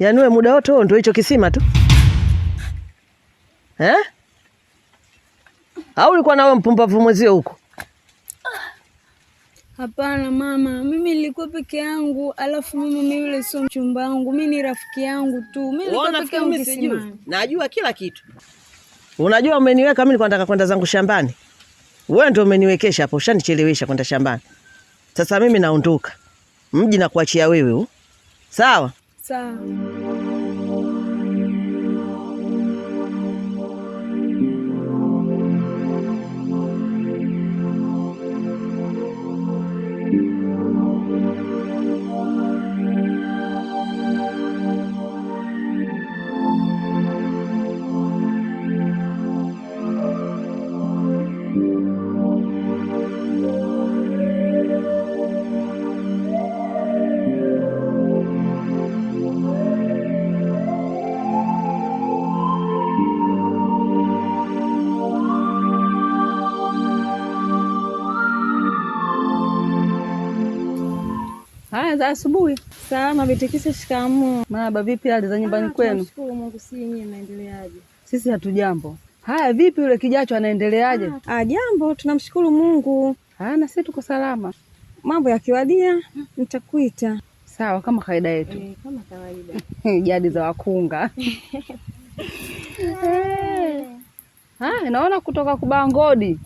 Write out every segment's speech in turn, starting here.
Yaani wewe muda wote huo ndio hicho kisima tu eh? Au ulikuwa nawe mpumbavu mwezio huko? Hapana mama, mimi nilikuwa peke yangu, alafu mimi yule sio mchumba wangu, mimi ni rafiki yangu tu. Mimi nilikuwa peke yangu kisimani. Najua kila kitu. Unajua umeniweka mimi nilikuwa nataka kwenda zangu shambani. Wewe ndio umeniwekesha hapo, ushanichelewesha kwenda shambani. Sasa mimi naondoka. Mji nakuachia wewe huu. Sawa? So. Haya za asubuhi. Salama vitikisi. shikamoo. Maba, vipi hali za nyumbani ah, kwenu? Nashukuru Mungu, si nyinyi mnaendeleaje? Sisi hatujambo. Haya, vipi yule kijacho anaendeleaje? Ah, ah, jambo, tunamshukuru Mungu. Haya, na sisi tuko salama. Mambo yakiwadia nitakuita. Sawa, kama kawaida yetu. E, kama kawaida. Jadi za wakunga. Eh. Haya, naona kutoka kubangodi. Eh.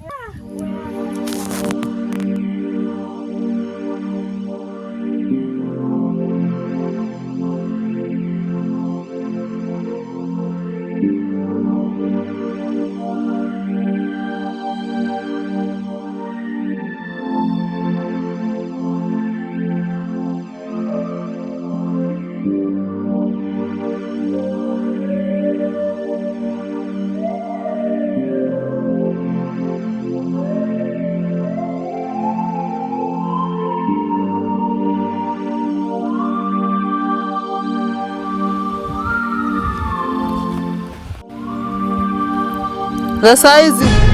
Da isso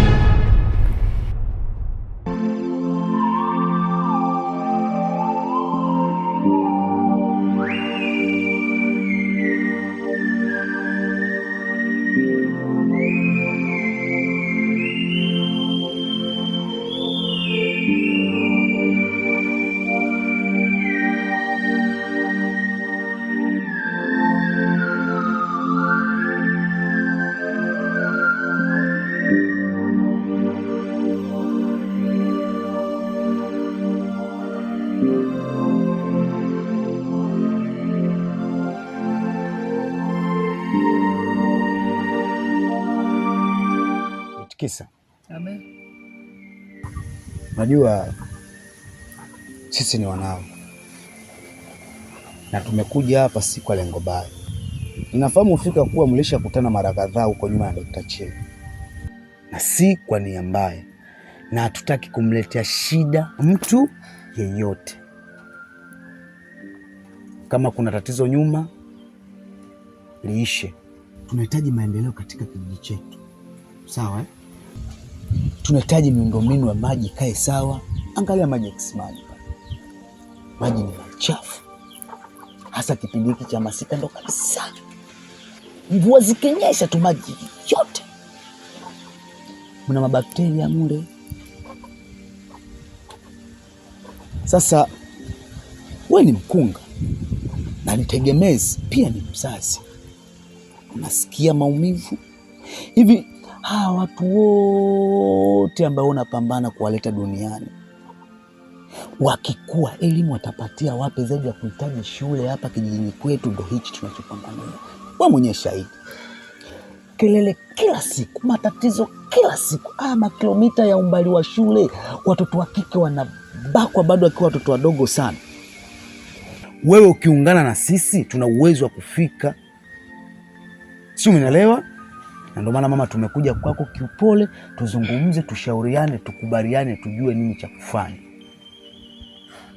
Unajua sisi ni wanao na tumekuja hapa si kwa lengo baya. Ninafahamu ufika kuwa mlishakutana mara kadhaa huko nyuma ya Dokta Cheni, na si kwa nia mbaya, na hatutaki kumletea shida mtu yeyote. Kama kuna tatizo nyuma liishe, tunahitaji maendeleo katika kijiji chetu, sawa eh? tunahitaji miundombinu ya maji kae sawa. Angalia maji ya kisimani, maji ni machafu, hasa kipindi hiki cha masika ndo kabisa. Mvua zikinyesha tu maji yote, mna mabakteria mule. Sasa we ni mkunga na nitegemezi pia, ni mzazi, unasikia maumivu hivi hawa watu wote ambao unapambana kuwaleta duniani wakikuwa elimu watapatia wape zaidi ya kuhitaji shule hapa kijijini kwetu? Ndo hichi tunachopambania. We mwenye shahidi, kelele kila siku, matatizo kila siku, aa, makilomita ya umbali wa shule, watoto wa kike wanabakwa bado wakiwa watoto wadogo sana. Wewe ukiungana na sisi, tuna uwezo wa kufika, si umenalewa na ndio maana mama, tumekuja kwako kiupole, tuzungumze, tushauriane, tukubaliane, tujue nini cha kufanya.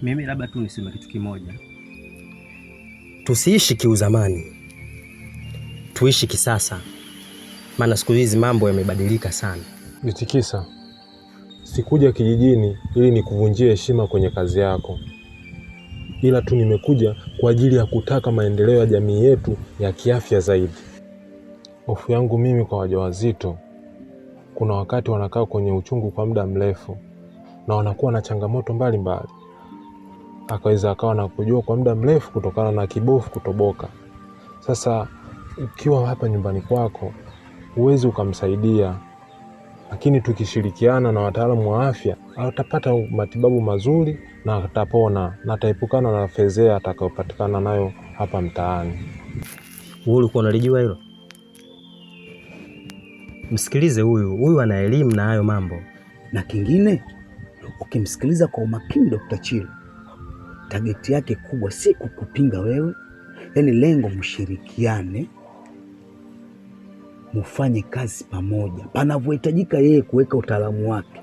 Mimi labda tu niseme kitu kimoja, tusiishi kiuzamani, tuishi kisasa, maana siku hizi mambo yamebadilika sana. Nitikisa, sikuja kijijini ili nikuvunjie heshima kwenye kazi yako, ila tu nimekuja kwa ajili ya kutaka maendeleo ya jamii yetu ya kiafya zaidi. Hofu yangu mimi kwa wajawazito, kuna wakati wanakaa kwenye uchungu kwa muda mrefu na wanakuwa na changamoto mbalimbali, akaweza akawa na kujua kwa muda mrefu kutokana na kibofu kutoboka. Sasa ukiwa hapa nyumbani kwako huwezi ukamsaidia, lakini tukishirikiana na wataalamu wa afya atapata matibabu mazuri na atapona na ataepukana na fezea atakayopatikana nayo hapa mtaani. Wewe ulikuwa unalijua hilo? msikilize huyu huyu, ana elimu na hayo mambo. Na kingine ukimsikiliza kwa umakini dokta Chilo, tageti yake kubwa si kukupinga wewe, yaani lengo mshirikiane, mufanye kazi pamoja panavyohitajika, yeye kuweka utaalamu wake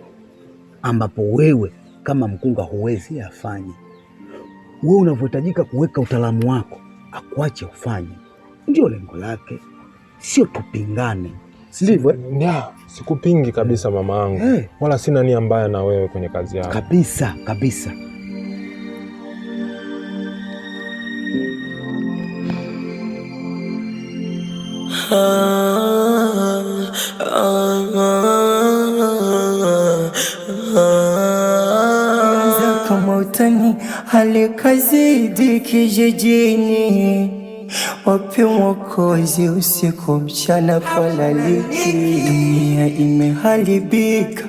ambapo wewe kama mkunga huwezi afanye, wewe unavyohitajika kuweka utaalamu wako akuache ufanye. Ndio lengo lake, sio tupingane sindivyo? Sikupingi kabisa mama yangu hey. Wala sina nia mbaya na wewe kwenye kazi yako kabisa kabisa. Kama utani hali kazidi kijijini Wape Mwokozi usiku mchana, palaliki dunia imeharibika.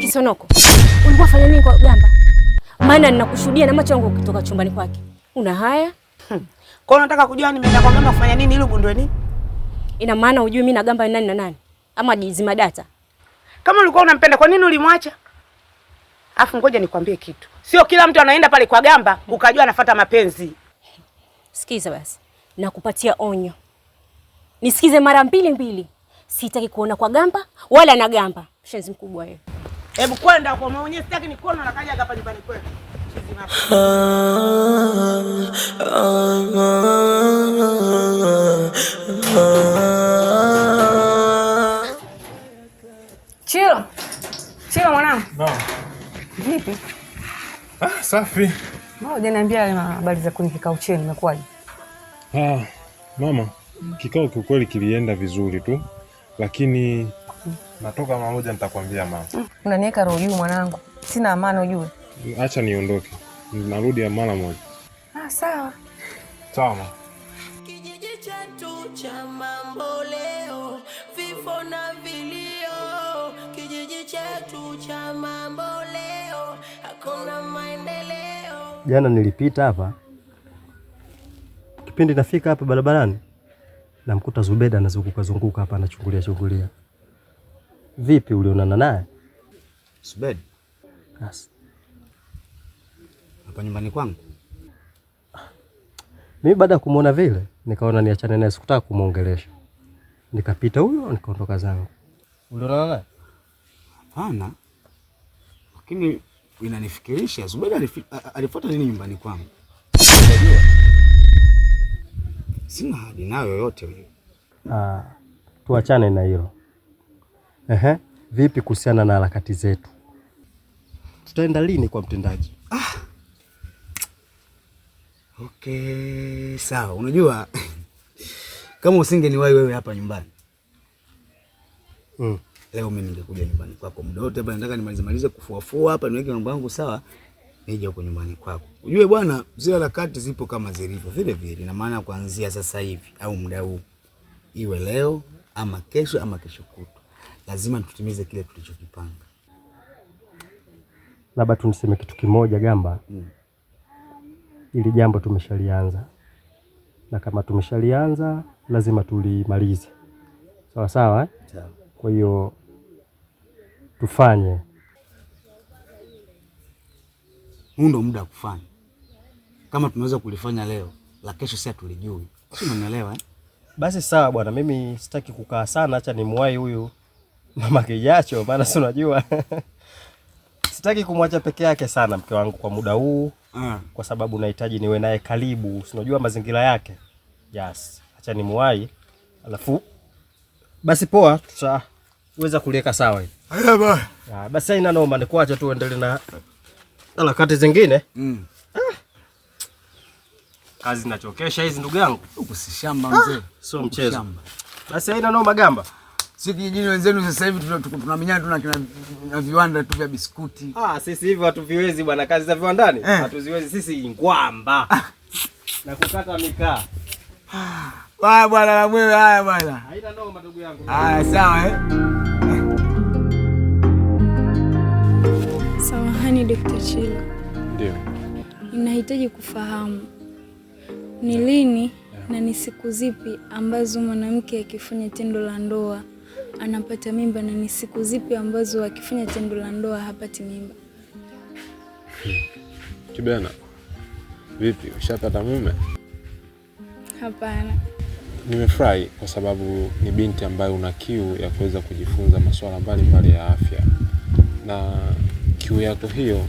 Kisonoko, ulikuwa fanya nini kwa Gamba? Maana ninakushuhudia na macho yangu ukitoka chumbani kwake. Una haya? Hmm. Kwa unataka kujua nimeenda kwa Gamba kufanya nini ili ugundue nini? Ina maana hujui mimi na Gamba ni nani na nani? Ama jizima data. Kama ulikuwa unampenda kwa nini ulimwacha? Afu ngoja nikwambie kitu. Sio kila mtu anaenda pale kwa Gamba ukajua anafuata mapenzi. Sikiza basi. Nakupatia onyo. Nisikize mara mbili mbili. Sitaki kuona kwa Gamba wala na Gamba. Shenzi mkubwa yeye. Hebu kwenda kwa mwenyewe, sitaki nikuona kaja hapa nyumbani kwetu. Chilo. Chilo mwanangu. Vipi? Ah, safi. Mama hujaniambia ile habari za kuni kikao chenu imekuwaje? Ah, mama, kikao kiukweli kilienda vizuri tu. Lakini Natoka mara moja, nitakwambia mama. Unaniweka roho juu mwanangu, sina amani ujue. Acha niondoke, narudi mara moja. Ah, sawa sawa. Kijiji chetu cha vifo na vilio. Kijiji chetu cha hakuna maendeleo. Jana nilipita hapa, kipindi nafika hapa barabarani, namkuta Zubeda anazunguka zunguka hapa, anachungulia chungulia Vipi, ulionana naye Subedi? Yes. Hapa nyumbani kwangu mimi, baada ya kumwona vile nikaona niachane naye, sikutaka kumwongelesha, nikapita huyo nikaondoka zangu. Ulionana naye? Hapana, lakini inanifikirisha Zubedi alifuata nini nyumbani kwangu? Sina hadi nayo yoyote. Ah, tuachane na hilo. Ehe, vipi kuhusiana na harakati zetu? Tutaenda lini kwa mtendaji? Ah. Okay, sawa. Unajua kama usingeniwahi wewe hapa nyumbani mm. Leo mimi ningekuja nyumbani kwako muda wote hapa, nataka nimalize malize kufuafua hapa niweke mambo yangu sawa, nije huko nyumbani kwako. Ujue bwana, zile harakati zipo kama zilivyo vile vile, na maana kuanzia sasa hivi au muda huu, iwe leo ama kesho ama kesho kutu lazima tutimize kile tulichokipanga. Labda tu niseme kitu kimoja Gamba, mm. Ili jambo tumeshalianza, na kama tumeshalianza lazima tulimalize. Sawa sawa, eh? Kwa hiyo tufanye, huu ndo muda wa kufanya. Kama tunaweza kulifanya leo, la kesho si tulijui, si eh? Basi sawa bwana, mimi sitaki kukaa sana, acha nimwahi huyu mama kijacho, maana si unajua sitaki kumwacha peke yake sana mke wangu kwa muda huu mm. kwa sababu nahitaji niwe naye karibu, si unajua mazingira yake. Yes, acha nimuwai, alafu basi poa, tutaweza kuliweka sawa hili. Ah, basi haina noma, nikuacha tu uendelee na harakati zingine mm. Ah. Kazi zinachokesha hizi ndugu yangu, usishamba mzee, ah, sio mchezo. Basi haina noma gamba si kijijini wenzenu sasa hivi tunamenyana tuna, tuna, tuna viwanda tu vya biskuti. Ah, sisi hivi hatuviwezi bwana, kazi za viwandani eh. hatuziwezi eh. Sisi ngwamba na kukata mikaa haya bwana na mwewe. Haya bwana, haina noma ndugu yangu. Haya sawa eh? Sawahani Dr. Chilo, ndio ninahitaji kufahamu ni lini na ni siku zipi ambazo mwanamke akifanya tendo la ndoa anapata mimba na ni siku zipi ambazo akifanya tendo la ndoa hapati mimba? Hmm. Kibena, vipi, ushapata mume? Hapana. Nimefurahi kwa sababu ni binti ambayo una kiu ya kuweza kujifunza masuala mbalimbali ya afya, na kiu yako hiyo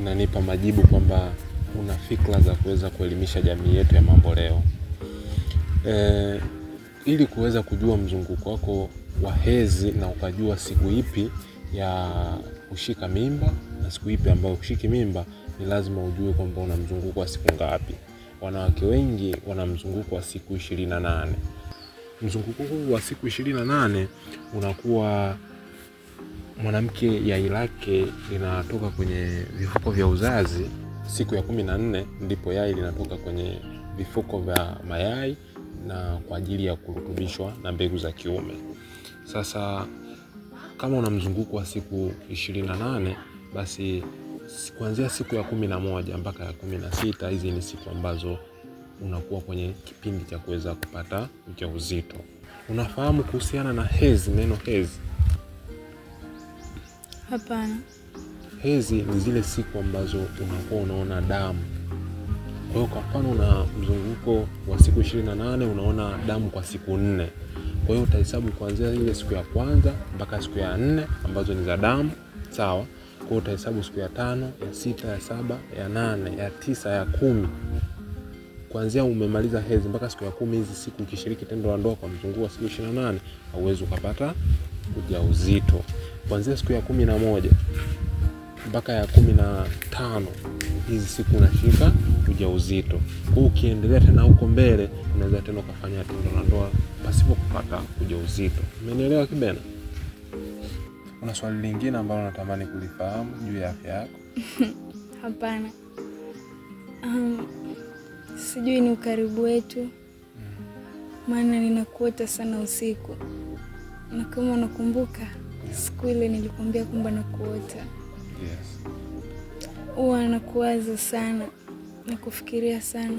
inanipa majibu kwamba una fikra za kuweza kuelimisha jamii yetu ya mambo leo. Eh, ili kuweza kujua mzunguko wako wa hezi na ukajua siku ipi ya kushika mimba na siku ipi ambayo kushiki mimba, ni lazima ujue kwamba una mzunguko wa siku ngapi. Wanawake wengi wana mzunguko wa siku ishirini na nane. Mzunguko huu wa siku ishirini na nane unakuwa mwanamke yai lake linatoka kwenye vifuko vya uzazi siku ya kumi na nne ndipo yai linatoka kwenye vifuko vya mayai na kwa ajili ya kurutubishwa na mbegu za kiume. Sasa kama una mzunguko wa siku ishirini na nane basi kuanzia siku ya kumi na moja mpaka ya kumi na sita hizi ni siku ambazo unakuwa kwenye kipindi cha kuweza kupata ujauzito. Unafahamu kuhusiana na hezi, neno hezi? Hapana. Hezi ni zile siku ambazo unakuwa unaona damu kwa hiyo kwa mfano una mzunguko wa siku ishirini na nane unaona damu kwa siku nne. Kwa hiyo utahesabu kuanzia ile siku ya kwanza mpaka siku ya nne ambazo ni za damu, sawa? Kwa hiyo utahesabu siku ya tano, ya sita, ya saba, ya nane, ya tisa, ya kumi kuanzia umemaliza hedhi mpaka siku ya kumi. Hizi siku ukishiriki tendo la ndoa kwa mzunguko wa siku ishirini na nane hauwezi ukapata ujauzito. Kuanzia siku ya kumi na moja mpaka ya kumi na tano hizi siku unashika ujauzito. Ukiendelea tena huko mbele, unaweza tena ukafanya tendo la ndoa pasipo kupata ujauzito. Umenielewa Kibena? Kuna swali lingine ambalo natamani kulifahamu juu ya afya yako. Hapana. Um, sijui ni ukaribu wetu, mm. maana mm, ninakuota sana usiku, na kama unakumbuka yeah, siku ile nilikwambia kwamba nakuota. Yes, huwa nakuwaza sana na kufikiria sana.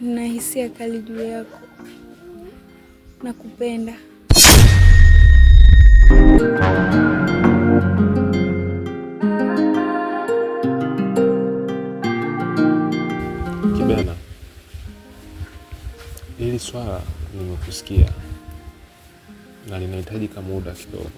Nina hisia kali juu yako, na kupenda Kibena, hili swala nimekusikia na linahitaji muda kidogo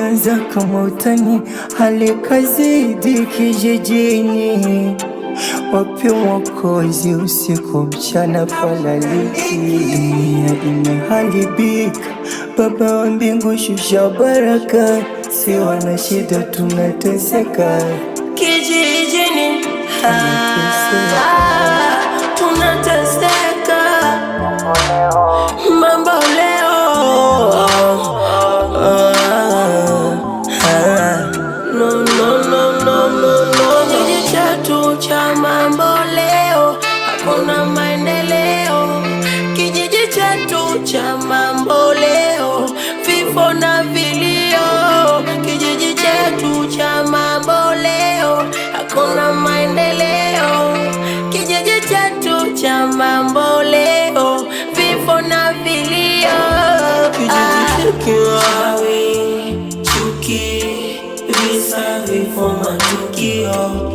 alianza kama utani, hali kazidi kijijini, wapi wakozi usiku mchana, falaliki dunia imeharibika. Baba wa mbingu shusha baraka, si wana shida tunateseka kijijini. Kijiji chetu cha mambo leo hakuna maendeleo, kijiji chetu cha mambo out.